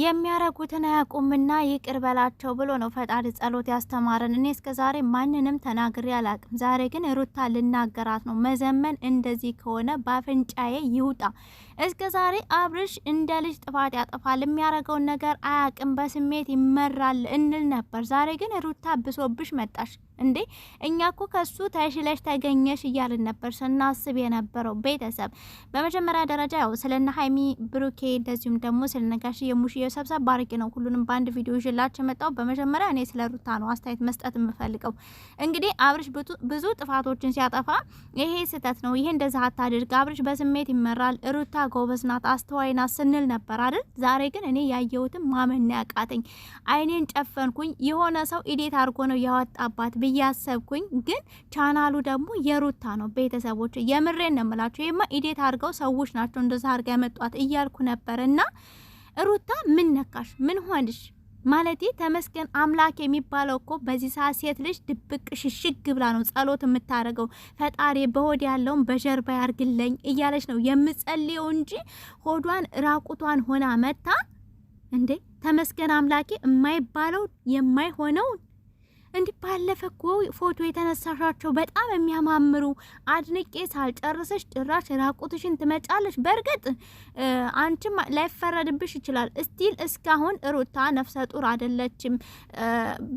የሚያረጉትን አያውቁምና ይቅር በላቸው ብሎ ነው ፈጣሪ ጸሎት ያስተማረን። እኔ እስከ ዛሬ ማንንም ተናግሬ አላቅም። ዛሬ ግን ሩታ ልናገራት ነው። መዘመን እንደዚህ ከሆነ በአፍንጫዬ ይውጣ። እስከ ዛሬ አብርሽ እንደ ልጅ ጥፋት ያጠፋል፣ የሚያረገውን ነገር አያቅም፣ በስሜት ይመራል እንል ነበር። ዛሬ ግን ሩታ ብሶብሽ መጣሽ። እንዴ እኛ ኮ ከሱ ተሽለሽ ተገኘሽ እያልን ነበር ስናስብ የነበረው። ቤተሰብ በመጀመሪያ ደረጃ ያው ስለነ ሀይሚ ብሩኬ፣ እንደዚሁም ደግሞ ስለነጋሽ የሙሽ የሰብሰብ ባርቂ ነው ሁሉንም በአንድ ቪዲዮ ይዤላችሁ መጣሁ። በመጀመሪያ እኔ ስለ ሩታ ነው አስተያየት መስጠት የምፈልገው። እንግዲህ አብርሽ ብዙ ጥፋቶችን ሲያጠፋ ይሄ ስህተት ነው፣ ይሄ እንደዛ አታድርግ፣ አብርሽ በስሜት ይመራል፣ ሩታ ጎበዝ ናት፣ አስተዋይ ናት ስንል ነበር አይደል? ዛሬ ግን እኔ ያየሁትን ማመን ያቃተኝ፣ አይኔን ጨፈንኩኝ። የሆነ ሰው ኢዴት አድርጎ ነው ያወጣባት ብዬ እያሰብኩኝ ግን ቻናሉ ደግሞ የሩታ ነው። ቤተሰቦች የምሬን ነው የምላቸው። ይማ ኢዴት አድርገው ሰዎች ናቸው እንደዛ አድርጋ ያመጧት እያልኩ ነበር። እና ሩታ ምን ነካሽ? ምን ሆንሽ? ማለት ተመስገን አምላክ የሚባለው እኮ በዚህ ሰዓት ሴት ልጅ ድብቅ ሽሽግ ብላ ነው ጸሎት የምታደርገው። ፈጣሪ በሆድ ያለውን በጀርባ ያርግልኝ እያለች ነው የምጸልየው እንጂ ሆዷን ራቁቷን ሆና መታ እንዴ! ተመስገን አምላኬ የማይባለው የማይሆነው እንዲህ ባለፈ እኮ ፎቶ የተነሳሻቸው በጣም የሚያማምሩ አድንቄ ሳልጨርሰሽ ጭራሽ ራቁትሽን ትመጫለሽ። በእርግጥ አንቺም ላይፈረድብሽ ይችላል። እስቲል እስካሁን ሩታ ነፍሰ ጡር አይደለችም።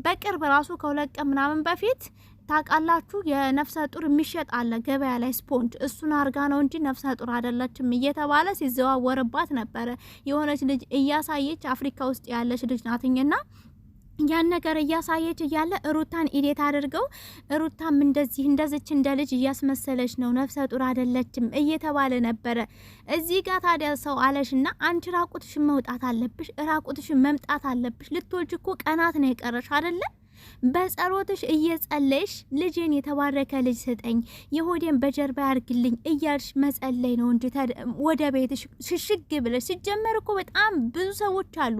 በቅርብ ራሱ ከሁለት ቀን ምናምን በፊት ታውቃላችሁ የነፍሰ ጡር የሚሸጥ አለ ገበያ ላይ ስፖንጅ፣ እሱን አርጋ ነው እንጂ ነፍሰ ጡር አይደለችም እየተባለ ሲዘዋወርባት ነበረ። የሆነች ልጅ እያሳየች አፍሪካ ውስጥ ያለች ልጅ ናትኝና ያን ነገር እያሳየች እያለ ሩታን ኢዴት አድርገው ሩታም እንደዚህ እንደዚች እንደ ልጅ እያስመሰለች ነው ነፍሰ ጡር አይደለችም እየተባለ ነበረ። እዚህ ጋር ታዲያ ሰው አለሽና አንቺ ራቁትሽን መውጣት አለብሽ፣ ራቁትሽን መምጣት አለብሽ። ልትወልጅ እኮ ቀናት ነው የቀረሽ አይደለም በጸሎትሽ እየጸለይሽ ልጄን የተባረከ ልጅ ስጠኝ፣ የሆዴን በጀርባ ያርግልኝ እያልሽ መጸለይ ነው እንጂ ወደ ቤትሽ ሽሽግ ብለሽ ሲጀመር እኮ በጣም ብዙ ሰዎች አሉ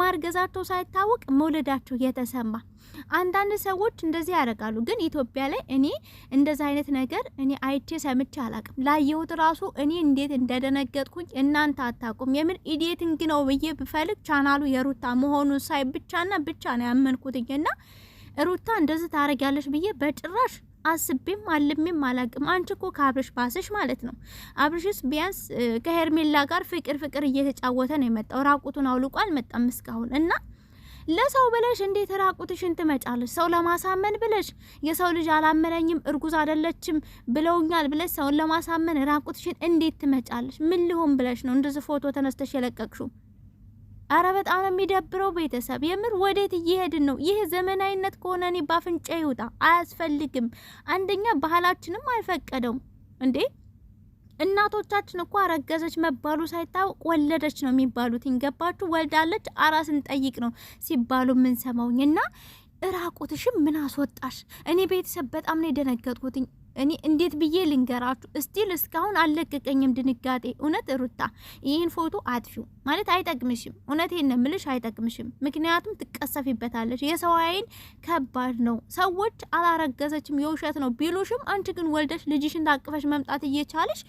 ማርገዛቸው ሳይታወቅ መውለዳቸው የተሰማ አንዳንድ ሰዎች እንደዚህ ያደርጋሉ። ግን ኢትዮጵያ ላይ እኔ እንደዚህ አይነት ነገር እኔ አይቼ ሰምቼ አላቅም። ላየሁት ራሱ እኔ እንዴት እንደደነገጥኩኝ እናንተ አታቁም። የምን ኢዴቲንግ ነው ብዬ ብፈልግ ቻናሉ የሩታ መሆኑን ሳይ ብቻና ብቻ ነው ያመንኩትኝ። እና ሩታ እንደዚህ ታደርጊያለሽ ብዬ በጭራሽ አስቤም አልሜም አላቅም። አንቺ እኮ ከአብርሽ ባስሽ ማለት ነው። አብርሽስ ቢያንስ ከሄርሜላ ጋር ፍቅር ፍቅር እየተጫወተ ነው የመጣው። ራቁቱን አውልቆ አልመጣም እስካሁን እና ለሰው ብለሽ እንዴት ራቁትሽን ትመጫለሽ? ሰው ለማሳመን ብለሽ የሰው ልጅ አላመነኝም እርጉዝ አይደለችም ብለውኛል ብለሽ ሰውን ለማሳመን ራቁትሽን እንዴት ትመጫለሽ? ምን ሊሆን ብለሽ ነው እንደዚህ ፎቶ ተነስተሽ የለቀቅሽው? አረ በጣም ነው የሚደብረው። ቤተሰብ የምር ወዴት እየሄድን ነው? ይህ ዘመናዊነት ከሆነ እኔ ባፍንጫ ይውጣ፣ አያስፈልግም። አንደኛ ባህላችንም አይፈቀደውም እንዴ እናቶቻችን እኮ አረገዘች መባሉ ሳይታወቅ ወለደች ነው የሚባሉት። ገባችሁ? ወልዳለች አራስን ጠይቅ ነው ሲባሉ የምንሰማውኝ እና እራቁትሽም ምን አስወጣሽ? እኔ ቤተሰብ በጣም ነው የደነገጥኩትኝ። እኔ እንዴት ብዬ ልንገራችሁ? እስቲል እስካሁን አለቀቀኝም ድንጋጤ። እውነት ሩታ ይህን ፎቶ አጥፊው ማለት አይጠቅምሽም። እውነቴን ነው የምልሽ አይጠቅምሽም። ምክንያቱም ትቀሰፊበታለች። የሰው አይን ከባድ ነው። ሰዎች አላረገዘችም የውሸት ነው ቢሉሽም፣ አንቺ ግን ወልደሽ ልጅሽን ታቅፈሽ መምጣት እየቻለሽ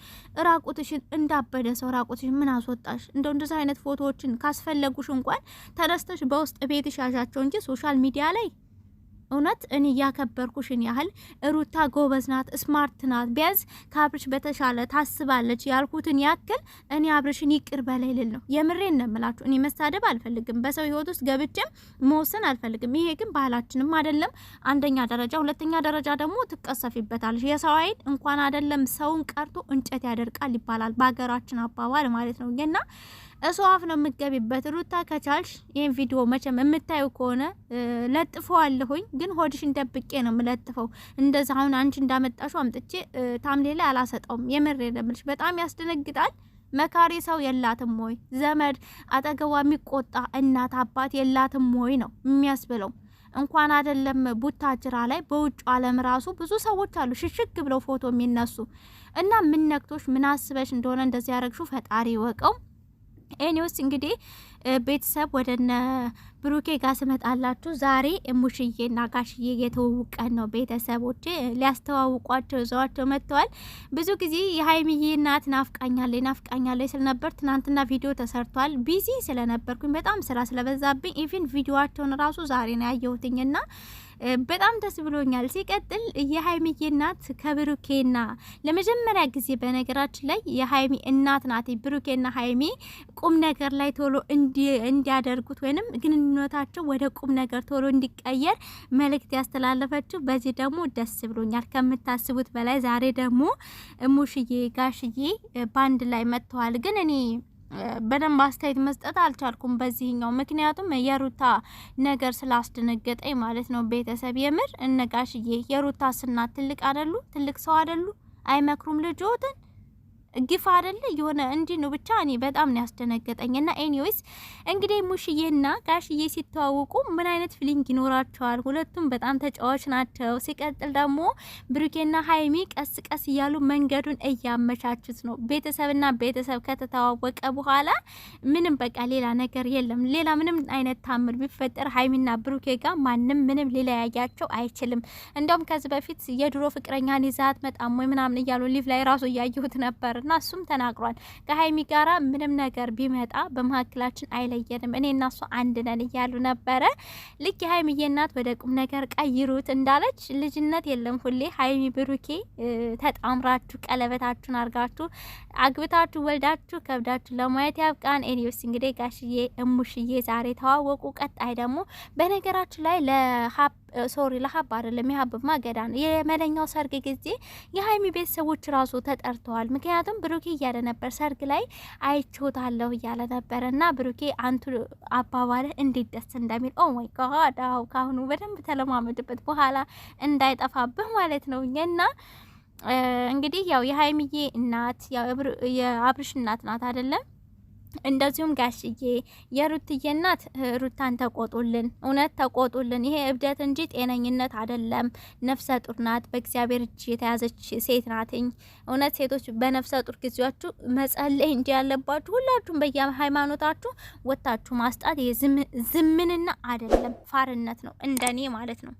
ራቁትሽን እንዳበደ ሰው ራቁትሽን ምን አስወጣሽ? እንደው እንደዚ አይነት ፎቶዎችን ካስፈለጉሽ እንኳን ተነስተሽ በውስጥ ቤትሽ ያዣቸው እንጂ ሶሻል ሚዲያ ላይ እውነት እኔ እያከበርኩሽን ያህል ሩታ ጎበዝ ናት፣ ስማርት ናት። ቢያንስ ከአብርሽ በተሻለ ታስባለች ያልኩትን ያክል እኔ አብርሽን ይቅር በላይ ልል ነው። የምሬ ነው እኔ መሳደብ አልፈልግም፣ በሰው ህይወት ውስጥ ገብቼም መወሰን አልፈልግም። ይሄ ግን ባህላችንም አይደለም፣ አንደኛ ደረጃ። ሁለተኛ ደረጃ ደግሞ ትቀሰፊበታለች። የሰው አይን እንኳን አይደለም ሰውን ቀርቶ እንጨት ያደርቃል ይባላል በሀገራችን አባባል ማለት ነው እና እሱ አፍ ነው የምትገቢበት። ሩታ ከቻልሽ ይህን ቪዲዮ መቼም የምታዩ ከሆነ ለጥፈዋለሁኝ፣ ግን ሆድሽን ደብቄ ነው የምለጥፈው። እንደዛ አሁን አንቺ እንዳመጣሹ አምጥቼ ታምሌ ላይ አላሰጠውም። የምሬ ለምልሽ በጣም ያስደነግጣል። መካሪ ሰው የላትም ወይ ዘመድ አጠገቧ የሚቆጣ እናት አባት የላትም ወይ ነው የሚያስብለው። እንኳን አይደለም ቡታጅራ ላይ በውጭ ዓለም ራሱ ብዙ ሰዎች አሉ ሽሽግ ብለው ፎቶ የሚነሱ እና ምን ነክቶሽ ምን አስበሽ እንደሆነ እንደዚህ ያረግሹ ፈጣሪ ይወቀው። ኤኒውስ እንግዲህ ቤተሰብ ወደ ነ ብሩኬ ጋር ስመጣላችሁ ዛሬ ሙሽዬና ጋሽዬ የተዋወቁ ነው። ቤተሰቦች ሊያስተዋውቋቸው ይዘዋቸው መጥተዋል። ብዙ ጊዜ የሀይሚዬ እናት ናፍቃኛለች ናፍቃኛለች ስለነበር ትናንትና ቪዲዮ ተሰርቷል። ቢዚ ስለነበርኩኝ በጣም ስራ ስለበዛብኝ ኢቭን ቪዲዮቸውን ራሱ ዛሬ ነው ያየሁትኝና በጣም ደስ ብሎኛል። ሲቀጥል የሀይሚዬ እናት ከብሩኬና ለመጀመሪያ ጊዜ በነገራችን ላይ የሀይሚ እናት ናት። ብሩኬና ሀይሚ ቁም ነገር ላይ ቶሎ እንዲያደርጉት ወይንም ግንኙነታቸው ወደ ቁም ነገር ቶሎ እንዲቀየር መልእክት ያስተላለፈችው፣ በዚህ ደግሞ ደስ ብሎኛል ከምታስቡት በላይ። ዛሬ ደግሞ ሙሽዬ ጋሽዬ በአንድ ላይ መጥተዋል። ግን እኔ በደንብ አስተያየት መስጠት አልቻልኩም በዚህኛው፣ ምክንያቱም የሩታ ነገር ስላስደነገጠኝ ማለት ነው። ቤተሰብ የምር እነጋሽዬ የሩታ ስናት ትልቅ አደሉ? ትልቅ ሰው አደሉ? አይመክሩም ልጆትን ግፍ አደለ የሆነ እንዲ ነው። ብቻ እኔ በጣም ነው ያስደነገጠኝ። እና ኤኒዌይስ እንግዲህ ሙሽዬና ጋሽዬ ሲተዋወቁ ምን አይነት ፊሊንግ ይኖራቸዋል? ሁለቱም በጣም ተጫዋች ናቸው። ሲቀጥል ደግሞ ብሩኬና ሀይሚ ቀስ ቀስ እያሉ መንገዱን እያመቻቹት ነው። ቤተሰብና ቤተሰብ ከተተዋወቀ በኋላ ምንም በቃ ሌላ ነገር የለም። ሌላ ምንም አይነት ታምር ቢፈጠር ሀይሚና ብሩኬ ጋር ማንም ምንም ሊለያያቸው አይችልም። እንደውም ከዚህ በፊት የድሮ ፍቅረኛን ይዛት መጣም ወይ ምናምን እያሉ ሊቭ ላይ ራሱ እያየሁት ነበር ነበርና እሱም ተናግሯል። ከሀይሚ ጋራ ምንም ነገር ቢመጣ በመካከላችን አይለየንም፣ እኔ እና እሱ አንድ ነን እያሉ ነበረ። ልክ የሀይሚዬ እናት ወደ ቁም ነገር ቀይሩት እንዳለች ልጅነት የለም ሁሌ ሀይሚ ብሩኬ ተጣምራችሁ ቀለበታችሁን አርጋችሁ አግብታችሁ ወልዳችሁ ከብዳችሁ ለማየት ያብቃን። ኤኒዌስ እንግዲህ ጋሽዬ እሙሽዬ ዛሬ ተዋወቁ። ቀጣይ ደግሞ በነገራችሁ ላይ ለሀብ ሶሪ ለሀብ አይደለም የሀብ ገዳ ነው። የመለኛው ሰርግ ጊዜ የሀይሚ ቤተሰቦች ራሱ ተጠርተዋል። ምክንያቱም ብሩኬ እያለ ነበር ሰርግ ላይ አይችሁታለሁ እያለ ነበር እና ብሩኬ አንቱ አባባልህ እንዴት ደስ እንደሚል ኦ ማይ ጋድ አዎ፣ ካሁኑ በደንብ ተለማመድበት በኋላ እንዳይጠፋብህ ማለት ነው እና እንግዲህ ያው የሀይሚዬ እናት የአብርሽ እናት ናት አይደለም እንደዚሁም ጋሽዬ የሩትዬ እናት ሩታን ተቆጡልን፣ እውነት ተቆጡልን። ይሄ እብደት እንጂ ጤነኝነት አይደለም። ነፍሰ ጡር ናት፣ በእግዚአብሔር እጅ የተያዘች ሴት ናትኝ። እውነት ሴቶች በነፍሰ ጡር ጊዜያችሁ መጸለይ እንጂ ያለባችሁ ሁላችሁም በየሃይማኖታችሁ ወታችሁ ማስጣት ዝምንና አይደለም ፋርነት ነው፣ እንደኔ ማለት ነው።